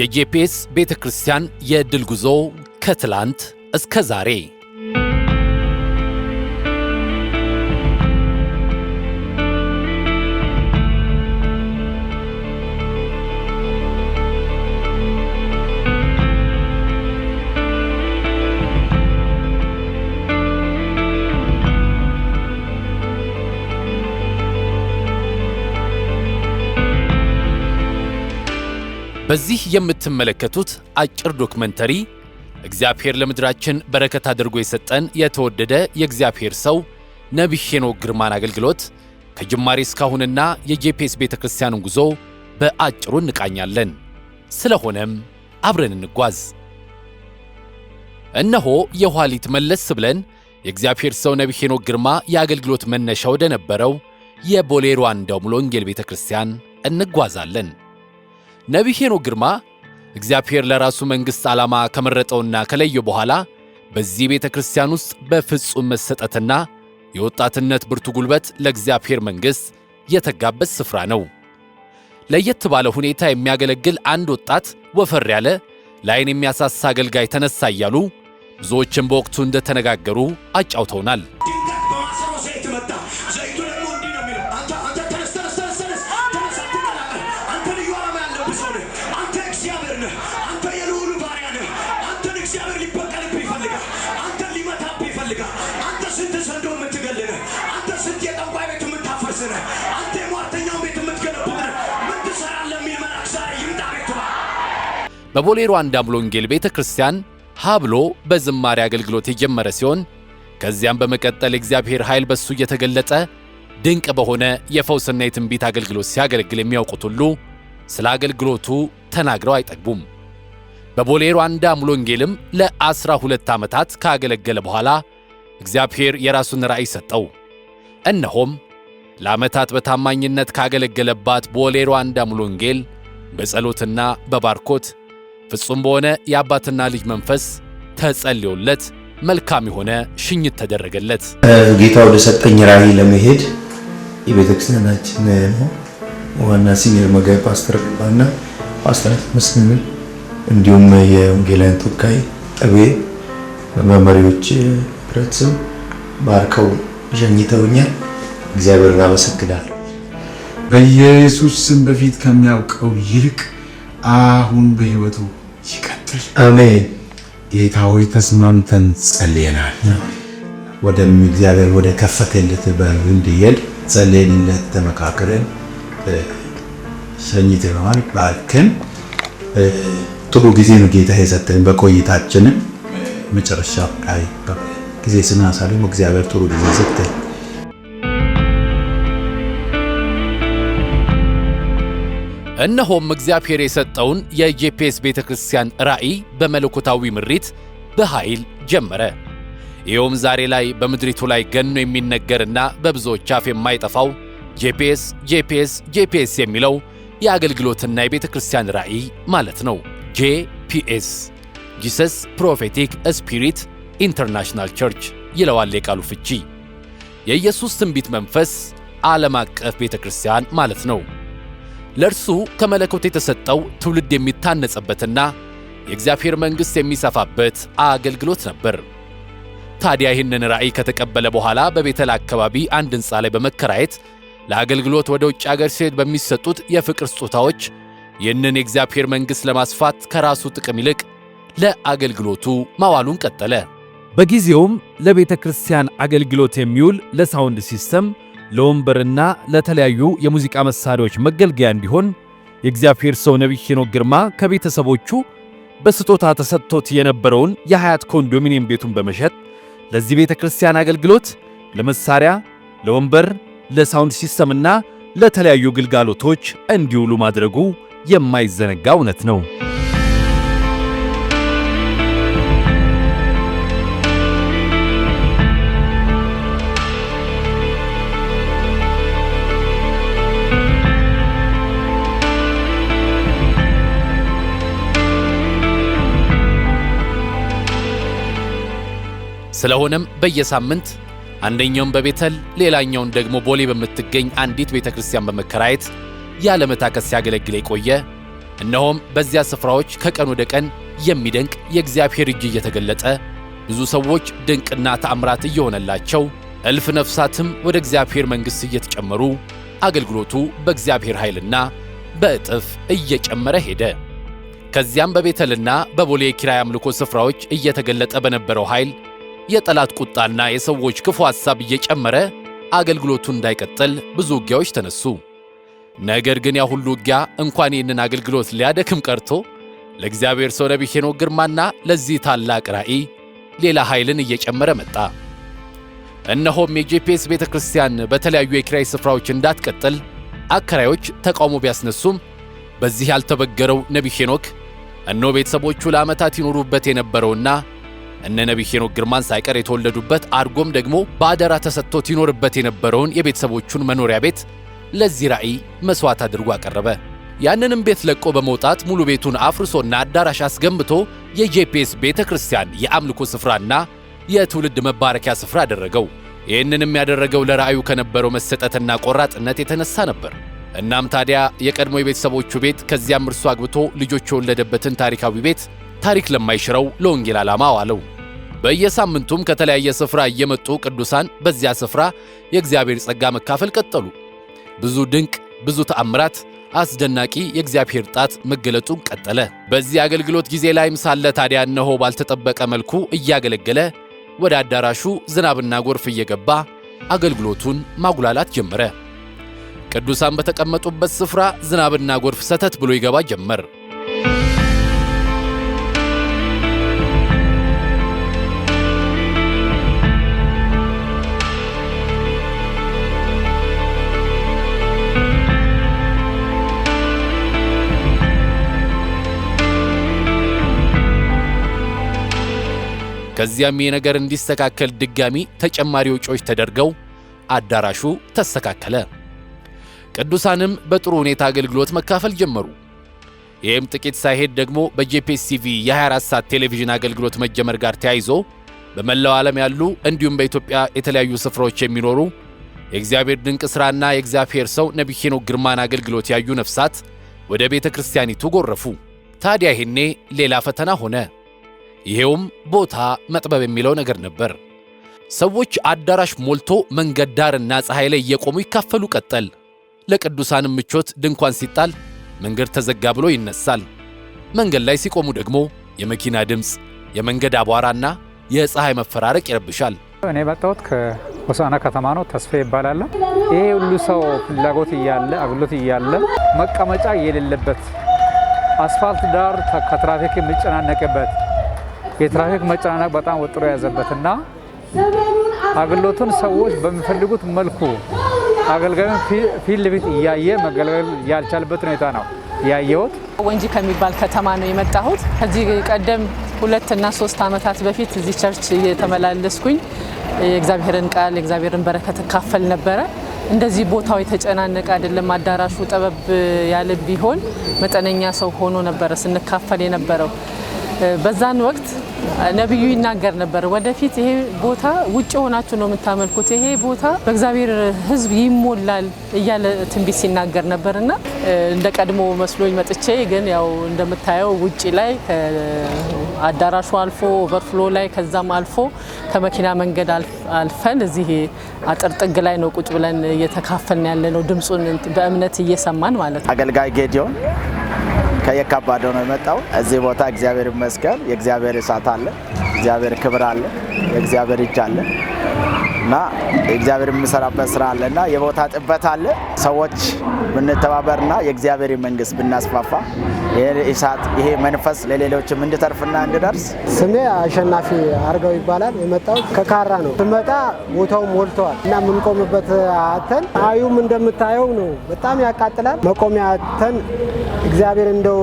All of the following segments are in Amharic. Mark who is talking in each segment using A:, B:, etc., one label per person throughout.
A: የጄፒኤስ ቤተ ክርስቲያን የድል ጉዞ ከትላንት እስከ ዛሬ በዚህ የምትመለከቱት አጭር ዶክመንተሪ እግዚአብሔር ለምድራችን በረከት አድርጎ የሰጠን የተወደደ የእግዚአብሔር ሰው ነቢይ ሄኖክ ግርማን አገልግሎት ከጅማሬ እስካሁንና የጄፒኤስ ቤተ ክርስቲያንን ጉዞ በአጭሩ እንቃኛለን። ስለሆነም አብረን እንጓዝ። እነሆ የኋሊት መለስ ብለን የእግዚአብሔር ሰው ነቢይ ሄኖክ ግርማ የአገልግሎት መነሻ ወደ ነበረው የቦሌ ወንጌል ቤተ ክርስቲያን እንጓዛለን። ነቢይ ሄኖክ ግርማ እግዚአብሔር ለራሱ መንግሥት ዓላማ ከመረጠውና ከለየ በኋላ በዚህ ቤተ ክርስቲያን ውስጥ በፍጹም መሰጠትና የወጣትነት ብርቱ ጉልበት ለእግዚአብሔር መንግሥት የተጋበት ስፍራ ነው። ለየት ባለ ሁኔታ የሚያገለግል አንድ ወጣት ወፈር ያለ ለዓይን የሚያሳሳ አገልጋይ ተነሳ እያሉ ብዙዎችም በወቅቱ እንደተነጋገሩ አጫውተውናል። በቦሌ ሩዋንዳ ሙሉ ወንጌል ቤተ ክርስቲያን ሀብሎ በዝማሬ አገልግሎት የጀመረ ሲሆን ከዚያም በመቀጠል እግዚአብሔር ኃይል በሱ እየተገለጠ ድንቅ በሆነ የፈውስና የትንቢት አገልግሎት ሲያገለግል የሚያውቁት ሁሉ ስለ አገልግሎቱ ተናግረው አይጠግቡም። በቦሌ ሩዋንዳ ሙሉ ወንጌልም ለአስራ ሁለት ዓመታት ካገለገለ በኋላ እግዚአብሔር የራሱን ራእይ ሰጠው። እነሆም ለዓመታት በታማኝነት ካገለገለባት ቦሌ ሩዋንዳ ሙሉ ወንጌል በጸሎትና በባርኮት ፍጹም በሆነ የአባትና ልጅ መንፈስ ተጸልዮለት መልካም የሆነ ሽኝት ተደረገለት።
B: ጌታ ወደ ሰጠኝ ራዕይ ለመሄድ የቤተክርስቲያናችን ዋና ሲኒየር መጋቢ ፓስተር ባና ፓስተር መስንን እንዲሁም የወንጌላን ተወካይ ጠቤ በመሪዎች ህብረት ስም ባርከው ሸኝተውኛል። እግዚአብሔርን አመሰግናለሁ።
C: በኢየሱስ ስም በፊት ከሚያውቀው ይልቅ አሁን በህይወቱ
B: እኔ ጌታ ሆይ ተስማምተን ጸልየናል። ወደ እግዚአብሔር ወደ ከፈተለት በር ጸልየንለት ሰኝተነዋል። ባልክን ጥሩ ጊዜ ነው ጌታ የሰጠን። በቆይታችንም መጨረሻ ላይ ጊዜ እግዚአብሔር ጥሩ ጊዜ ሰጠን።
A: እነሆም እግዚአብሔር የሰጠውን የጂፒኤስ ቤተ ክርስቲያን ራእይ በመለኮታዊ ምሪት በኃይል ጀመረ። ይኸውም ዛሬ ላይ በምድሪቱ ላይ ገኖ የሚነገርና በብዙዎች አፍ የማይጠፋው ጄፔስ ጄፔስ ጄፔስ የሚለው የአገልግሎትና የቤተ ክርስቲያን ራእይ ማለት ነው። ጄፒኤስ ጂሰስ ፕሮፌቲክ ስፒሪት ኢንተርናሽናል ቸርች ይለዋል የቃሉ ፍቺ። የኢየሱስ ትንቢት መንፈስ ዓለም አቀፍ ቤተ ክርስቲያን ማለት ነው። ለእርሱ ከመለኮት የተሰጠው ትውልድ የሚታነጽበትና የእግዚአብሔር መንግሥት የሚሰፋበት አገልግሎት ነበር። ታዲያ ይህንን ራእይ ከተቀበለ በኋላ በቤተል አካባቢ አንድ ሕንፃ ላይ በመከራየት ለአገልግሎት ወደ ውጭ አገር ሲሄድ በሚሰጡት የፍቅር ስጦታዎች ይህንን የእግዚአብሔር መንግሥት ለማስፋት ከራሱ ጥቅም ይልቅ ለአገልግሎቱ ማዋሉን ቀጠለ። በጊዜውም ለቤተ ክርስቲያን አገልግሎት የሚውል ለሳውንድ ሲስተም ለወንበርና ለተለያዩ የሙዚቃ መሳሪያዎች መገልገያ እንዲሆን የእግዚአብሔር ሰው ነቢይ ሄኖክ ግርማ ከቤተሰቦቹ በስጦታ ተሰጥቶት የነበረውን የሀያት ኮንዶሚኒየም ቤቱን በመሸጥ ለዚህ ቤተ ክርስቲያን አገልግሎት ለመሳሪያ፣ ለወንበር፣ ለሳውንድ ሲስተምና ለተለያዩ ግልጋሎቶች እንዲውሉ ማድረጉ የማይዘነጋ እውነት ነው። ስለሆነም በየሳምንት አንደኛውን በቤተል ሌላኛውን ደግሞ ቦሌ በምትገኝ አንዲት ቤተ ክርስቲያን በመከራየት ያለመታከስ ሲያገለግል የቆየ እነሆም በዚያ ስፍራዎች ከቀን ወደ ቀን የሚደንቅ የእግዚአብሔር እጅ እየተገለጠ ብዙ ሰዎች ድንቅና ተአምራት እየሆነላቸው እልፍ ነፍሳትም ወደ እግዚአብሔር መንግሥት እየተጨመሩ አገልግሎቱ በእግዚአብሔር ኃይልና በእጥፍ እየጨመረ ሄደ። ከዚያም በቤተልና በቦሌ የኪራይ አምልኮ ስፍራዎች እየተገለጠ በነበረው ኃይል የጠላት ቁጣና የሰዎች ክፉ ሐሳብ እየጨመረ አገልግሎቱን እንዳይቀጥል ብዙ ውጊያዎች ተነሱ። ነገር ግን ያ ሁሉ ውጊያ እንኳን ይህንን አገልግሎት ሊያደክም ቀርቶ ለእግዚአብሔር ሰው ነቢይ ሄኖክ ግርማና ለዚህ ታላቅ ራእይ ሌላ ኃይልን እየጨመረ መጣ። እነሆም የጄፒኤስ ቤተ ክርስቲያን በተለያዩ የኪራይ ስፍራዎች እንዳትቀጥል አከራዮች ተቃውሞ ቢያስነሱም በዚህ ያልተበገረው ነቢይ ሄኖክ እኖ ቤተሰቦቹ ለዓመታት ይኖሩበት የነበረውና እነ ነቢይ ሄኖክ ግርማን ሳይቀር የተወለዱበት አርጎም ደግሞ በአደራ ተሰጥቶት ይኖርበት የነበረውን የቤተሰቦቹን መኖሪያ ቤት ለዚህ ራዕይ መሥዋዕት አድርጎ አቀረበ። ያንንም ቤት ለቆ በመውጣት ሙሉ ቤቱን አፍርሶና አዳራሽ አስገንብቶ የጄፒኤስ ቤተ ክርስቲያን የአምልኮ ስፍራና የትውልድ መባረኪያ ስፍራ አደረገው። ይህንንም ያደረገው ለራእዩ ከነበረው መሰጠትና ቆራጥነት የተነሳ ነበር። እናም ታዲያ የቀድሞ የቤተሰቦቹ ቤት ከዚያም እርሱ አግብቶ ልጆች የወለደበትን ታሪካዊ ቤት ታሪክ ለማይሽረው ለወንጌል ዓላማ ዋለው። በየሳምንቱም ከተለያየ ስፍራ እየመጡ ቅዱሳን በዚያ ስፍራ የእግዚአብሔር ጸጋ መካፈል ቀጠሉ። ብዙ ድንቅ፣ ብዙ ተአምራት፣ አስደናቂ የእግዚአብሔር ጣት መገለጡን ቀጠለ። በዚህ አገልግሎት ጊዜ ላይም ሳለ ታዲያ እነሆ ባልተጠበቀ መልኩ እያገለገለ ወደ አዳራሹ ዝናብና ጎርፍ እየገባ አገልግሎቱን ማጉላላት ጀመረ። ቅዱሳን በተቀመጡበት ስፍራ ዝናብና ጎርፍ ሰተት ብሎ ይገባ ጀመር። ከዚያም ይህ ነገር እንዲስተካከል ድጋሚ ተጨማሪ ወጪዎች ተደርገው አዳራሹ ተስተካከለ። ቅዱሳንም በጥሩ ሁኔታ አገልግሎት መካፈል ጀመሩ። ይህም ጥቂት ሳይሄድ ደግሞ በጄፒኤስ የ24 ሰዓት ቴሌቪዥን አገልግሎት መጀመር ጋር ተያይዞ በመላው ዓለም ያሉ እንዲሁም በኢትዮጵያ የተለያዩ ስፍራዎች የሚኖሩ የእግዚአብሔር ድንቅ ሥራና የእግዚአብሔር ሰው ነቢይ ሄኖክ ግርማን አገልግሎት ያዩ ነፍሳት ወደ ቤተ ክርስቲያኒቱ ጎረፉ። ታዲያ ይህኔ ሌላ ፈተና ሆነ። ይሄውም ቦታ መጥበብ የሚለው ነገር ነበር። ሰዎች አዳራሽ ሞልቶ መንገድ ዳርና ፀሐይ ላይ እየቆሙ ይካፈሉ ቀጠል። ለቅዱሳንም ምቾት ድንኳን ሲጣል መንገድ ተዘጋ ብሎ ይነሳል። መንገድ ላይ ሲቆሙ ደግሞ የመኪና ድምፅ፣ የመንገድ አቧራና የፀሐይ መፈራረቅ ይረብሻል።
D: እኔ የመጣሁት ከሆሳና ከተማ ነው። ተስፋ ይባላል። ይሄ ሁሉ ሰው ፍላጎት እያለ አግሎት እያለ መቀመጫ የሌለበት አስፋልት ዳር ከትራፊክ የሚጨናነቅበት የትራፊክ መጨናነቅ በጣም ወጥሮ የያዘበትና አገልግሎቱን ሰዎች በሚፈልጉት መልኩ አገልጋዩን ፊት ለፊት እያየ መገልገል ያልቻለበት ሁኔታ ነው ያየሁት።
E: ወንጂ ከሚባል ከተማ ነው የመጣሁት። ከዚህ ቀደም ሁለት እና ሶስት ዓመታት በፊት እዚህ ቸርች እየተመላለስኩኝ የእግዚአብሔርን ቃል የእግዚአብሔርን በረከት እካፈል ነበረ። እንደዚህ ቦታው የተጨናነቀ አይደለም። አዳራሹ ጠበብ ያለ ቢሆን መጠነኛ ሰው ሆኖ ነበረ ስንካፈል የነበረው በዛን ወቅት ነቢዩ ይናገር ነበር። ወደፊት ይሄ ቦታ ውጭ ሆናችሁ ነው የምታመልኩት፣ ይሄ ቦታ በእግዚአብሔር ሕዝብ ይሞላል እያለ ትንቢት ሲናገር ነበር እና እንደ ቀድሞ መስሎኝ መጥቼ ግን ያው እንደምታየው ውጭ ላይ አዳራሹ አልፎ ኦቨርፍሎ ላይ ከዛም አልፎ ከመኪና መንገድ አልፈን እዚህ አጥር ጥግ ላይ ነው ቁጭ ብለን እየተካፈልን ያለ ነው ድምፁን በእምነት እየሰማን ማለት
F: ነው። አገልጋይ ጌዲዮን ከየካባዶ ነው የመጣው። እዚህ ቦታ እግዚአብሔር ይመስገን፣ የእግዚአብሔር እሳት አለ፣ እግዚአብሔር ክብር አለ፣ የእግዚአብሔር እጅ አለ። እና እግዚአብሔር የምንሰራበት ስራ አለ እና የቦታ ጥበት አለ። ሰዎች ብንተባበርና የእግዚአብሔር መንግስት ብናስፋፋ ይሳት ይሄ መንፈስ ለሌሎችም እንድተርፍና እንድደርስ።
G: ስሜ አሸናፊ አርገው ይባላል። የመጣው ከካራ ነው። ስመጣ ቦታው ሞልተዋል እና የምንቆምበት አተን አዩም እንደምታየው ነው። በጣም ያቃጥላል። መቆሚያ አተን እግዚአብሔር እንደው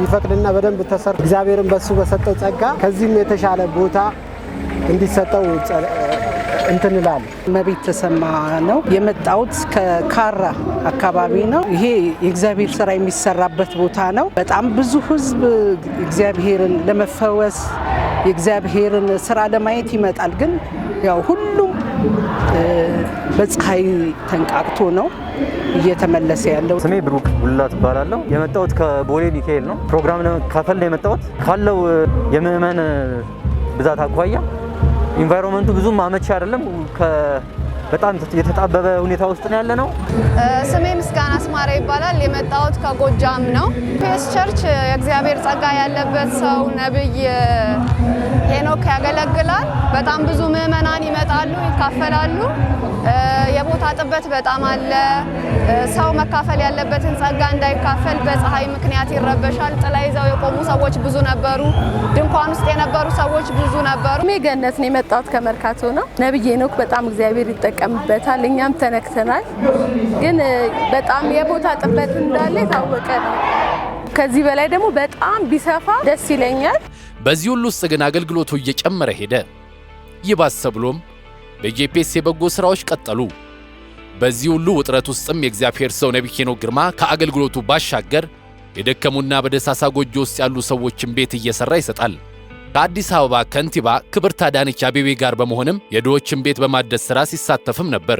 G: ቢፈቅድና በደንብ ተሰር እግዚአብሔርን በሱ በሰጠው ጸጋ ከዚህም የተሻለ ቦታ እንዲሰጠው እንትንላል
H: መቤት ተሰማ ነው የመጣሁት። ከካራ አካባቢ ነው። ይሄ የእግዚአብሔር ስራ የሚሰራበት ቦታ ነው። በጣም ብዙ ህዝብ እግዚአብሔርን ለመፈወስ የእግዚአብሔርን ስራ ለማየት ይመጣል። ግን ያው ሁሉም በፀሐይ ተንቃቅቶ ነው እየተመለሰ ያለው።
I: ስሜ ብሩክ ጉላት ትባላለሁ። የመጣሁት ከቦሌ ሚካኤል ነው። ፕሮግራም ካፈል ነው የመጣሁት ካለው የምእመን ብዛት አኳያ ኢንቫይሮንመንቱ ብዙም አመቺ አይደለም። በጣም የተጣበበ ሁኔታ ውስጥ ነው ያለ ነው።
J: ስሜ ምስጋና አስማረ ይባላል። የመጣሁት ከጎጃም ነው። ፒኤስ ቸርች የእግዚአብሔር ጸጋ ያለበት ሰው ነብይ ሄኖክ ያገለግላል። በጣም ብዙ ምዕመናን ይመጣሉ፣ ይካፈላሉ። የቦታ ጥበት በጣም አለ። ሰው መካፈል ያለበትን ጸጋ እንዳይካፈል በፀሐይ ምክንያት ይረበሻል። ጥላ ይዘው የቆሙ ሰዎች ብዙ ነበሩ። ድንኳን ውስጥ የነበሩ ሰዎች ብዙ ነበሩ።
K: ሜ ገነት ነው። የመጣሁት ከመርካቶ ነው። ነብይ ሄኖክ በጣም እግዚአብሔር ይጠቀ ይጠቀምበታል። እኛም ተነክተናል። ግን በጣም የቦታ ጥበት እንዳለ የታወቀ ነው። ከዚህ በላይ ደግሞ በጣም ቢሰፋ ደስ ይለኛል።
A: በዚህ ሁሉ ውስጥ ግን አገልግሎቱ እየጨመረ ሄደ። ይባሰ ብሎም በጄፒኤስ የበጎ ስራዎች ቀጠሉ። በዚህ ሁሉ ውጥረት ውስጥም የእግዚአብሔር ሰው ነቢይ ሄኖክ ግርማ ከአገልግሎቱ ባሻገር የደከሙና በደሳሳ ጎጆ ውስጥ ያሉ ሰዎችን ቤት እየሰራ ይሰጣል። ከአዲስ አበባ ከንቲባ ክብርት አዳነች አቤቤ ጋር በመሆንም የድሆችን ቤት በማደስ ሥራ ሲሳተፍም ነበር።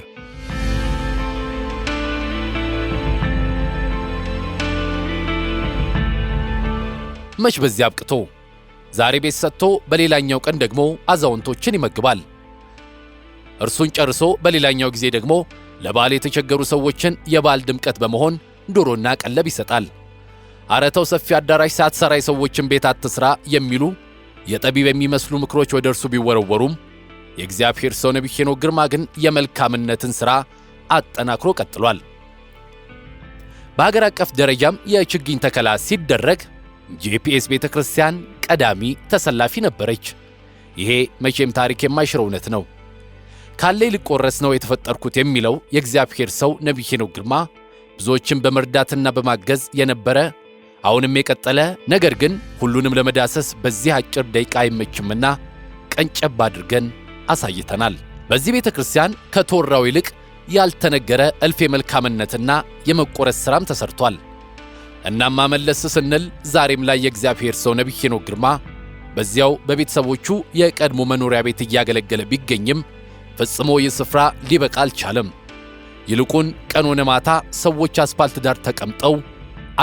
A: መች በዚህ አብቅቶ ዛሬ ቤት ሰጥቶ በሌላኛው ቀን ደግሞ አዛውንቶችን ይመግባል። እርሱን ጨርሶ በሌላኛው ጊዜ ደግሞ ለበዓል የተቸገሩ ሰዎችን የበዓል ድምቀት በመሆን ዶሮና ቀለብ ይሰጣል። አረተው ሰፊ አዳራሽ ሳትሰራ የሰዎችን ቤት አትስራ የሚሉ የጠቢብ የሚመስሉ ምክሮች ወደ እርሱ ቢወረወሩም የእግዚአብሔር ሰው ነቢይ ሄኖክ ግርማ ግን የመልካምነትን ሥራ አጠናክሮ ቀጥሏል። በሀገር አቀፍ ደረጃም የችግኝ ተከላ ሲደረግ ጄፒኤስ ቤተ ክርስቲያን ቀዳሚ ተሰላፊ ነበረች። ይሄ መቼም ታሪክ የማይሽረው እውነት ነው። ካለ ልቆረስ ነው የተፈጠርኩት የሚለው የእግዚአብሔር ሰው ነቢይ ሄኖክ ግርማ ብዙዎችን በመርዳትና በማገዝ የነበረ አሁንም የቀጠለ ነገር ግን ሁሉንም ለመዳሰስ በዚህ አጭር ደቂቃ አይመችምና ቀንጨብ አድርገን አሳይተናል። በዚህ ቤተ ክርስቲያን ከተወራው ይልቅ ያልተነገረ እልፍ የመልካምነትና የመቆረስ ሥራም ተሰርቷል። እናማ መለስ ስንል ዛሬም ላይ የእግዚአብሔር ሰው ነቢይ ሄኖክ ግርማ በዚያው በቤተሰቦቹ የቀድሞ መኖሪያ ቤት እያገለገለ ቢገኝም ፈጽሞ ይህ ስፍራ ሊበቃ አልቻለም። ይልቁን ቀን ሆነ ማታ ሰዎች አስፓልት ዳር ተቀምጠው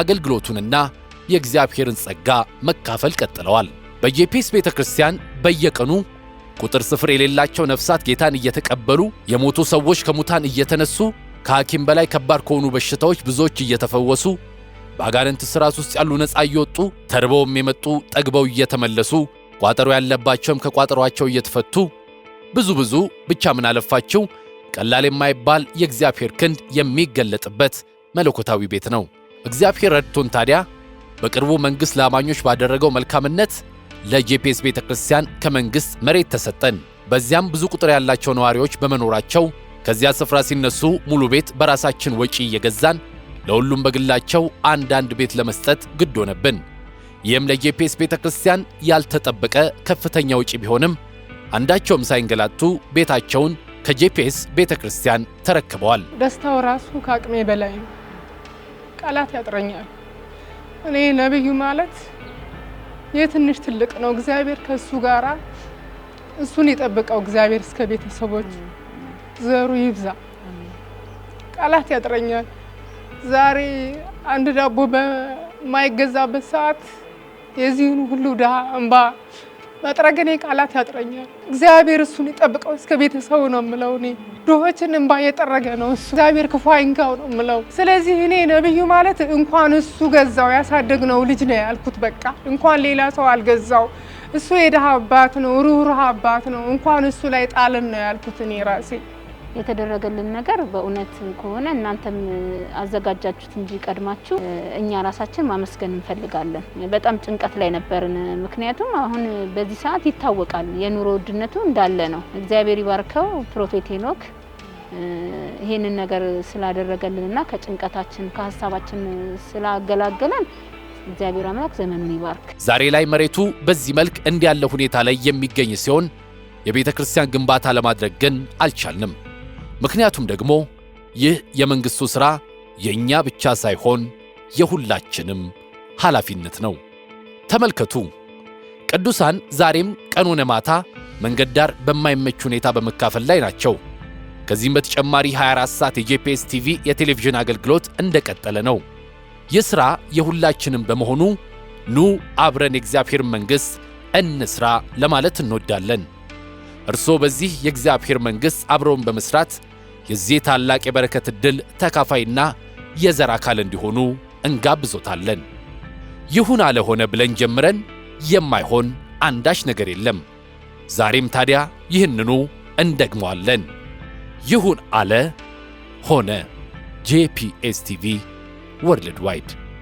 A: አገልግሎቱንና የእግዚአብሔርን ጸጋ መካፈል ቀጥለዋል። በየፔስ ቤተ ክርስቲያን በየቀኑ ቁጥር ስፍር የሌላቸው ነፍሳት ጌታን እየተቀበሉ፣ የሞቱ ሰዎች ከሙታን እየተነሱ፣ ከሐኪም በላይ ከባድ ከሆኑ በሽታዎች ብዙዎች እየተፈወሱ፣ በአጋንንት ሥርዓት ውስጥ ያሉ ነፃ እየወጡ፣ ተርበውም የመጡ ጠግበው እየተመለሱ፣ ቋጠሮ ያለባቸውም ከቋጠሯቸው እየተፈቱ፣ ብዙ ብዙ ብቻ ምን አለፋችሁ ቀላል የማይባል የእግዚአብሔር ክንድ የሚገለጥበት መለኮታዊ ቤት ነው። እግዚአብሔር ረድቶን ታዲያ በቅርቡ መንግሥት ለአማኞች ባደረገው መልካምነት ለጄፒኤስ ቤተ ክርስቲያን ከመንግሥት መሬት ተሰጠን። በዚያም ብዙ ቁጥር ያላቸው ነዋሪዎች በመኖራቸው ከዚያ ስፍራ ሲነሱ ሙሉ ቤት በራሳችን ወጪ እየገዛን ለሁሉም በግላቸው አንዳንድ ቤት ለመስጠት ግድ ሆነብን። ይህም ለጄፒኤስ ቤተ ክርስቲያን ያልተጠበቀ ከፍተኛ ውጪ ቢሆንም አንዳቸውም ሳይንገላቱ ቤታቸውን ከጄፒኤስ ቤተ ክርስቲያን ተረክበዋል።
L: ደስታው ራሱ ከአቅሜ በላይ ነው። ቃላት ያጥረኛል። እኔ ነብዩ ማለት የትንሽ ትልቅ ነው። እግዚአብሔር ከእሱ ጋራ እሱን የጠብቀው እግዚአብሔር እስከ ቤተሰቦች ዘሩ ይብዛ። ቃላት ያጥረኛል። ዛሬ አንድ ዳቦ በማይገዛበት ሰዓት የዚህን ሁሉ ድሃ እንባ መጥረግኔ ቃላት ያጥረኛል። እግዚአብሔር እሱን ይጠብቀው እስከ ቤተሰቡ ነው የምለው። እኔ ድሆችን እንባ የጠረገ ነው እሱ። እግዚአብሔር ክፉ አይንካው ነው የምለው። ስለዚህ እኔ ነብዩ ማለት እንኳን እሱ ገዛው ያሳደግነው ልጅ ነው ያልኩት። በቃ እንኳን ሌላ ሰው አልገዛው እሱ የድሃ አባት ነው፣ ሩህሩህ አባት ነው። እንኳን እሱ ላይ ጣልን ነው ያልኩት እኔ ራሴ።
M: የተደረገልን ነገር በእውነት ከሆነ እናንተም አዘጋጃችሁት እንጂ ቀድማችሁ እኛ ራሳችን ማመስገን እንፈልጋለን። በጣም ጭንቀት ላይ ነበርን። ምክንያቱም አሁን በዚህ ሰዓት ይታወቃል የኑሮ ውድነቱ እንዳለ ነው። እግዚአብሔር ይባርከው ፕሮፌት ሄኖክ ይህንን ነገር ስላደረገልንና ከጭንቀታችን ከሀሳባችን ስላገላገለን እግዚአብሔር አምላክ ዘመኑን ይባርክ።
A: ዛሬ ላይ መሬቱ በዚህ መልክ እንዲያለ ሁኔታ ላይ የሚገኝ ሲሆን የቤተ ክርስቲያን ግንባታ ለማድረግ ግን አልቻልንም። ምክንያቱም ደግሞ ይህ የመንግሥቱ ሥራ የእኛ ብቻ ሳይሆን የሁላችንም ኃላፊነት ነው። ተመልከቱ፣ ቅዱሳን ዛሬም ቀኑን ማታ መንገድ ዳር በማይመች ሁኔታ በመካፈል ላይ ናቸው። ከዚህም በተጨማሪ 24 ሰዓት የጄፒኤስ ቲቪ የቴሌቪዥን አገልግሎት እንደቀጠለ ነው። ይህ ሥራ የሁላችንም በመሆኑ ኑ አብረን የእግዚአብሔር መንግሥት እንሥራ ለማለት እንወዳለን። እርስዎ በዚህ የእግዚአብሔር መንግሥት አብረውን በመሥራት የዚህ ታላቅ የበረከት ዕድል ተካፋይና የዘር አካል እንዲሆኑ እንጋብዞታለን። ይሁን አለሆነ ብለን ጀምረን የማይሆን አንዳች ነገር የለም። ዛሬም ታዲያ ይህንኑ እንደግመዋለን። ይሁን አለ ሆነ። ጄፒኤስ ቲቪ ወርልድ ዋይድ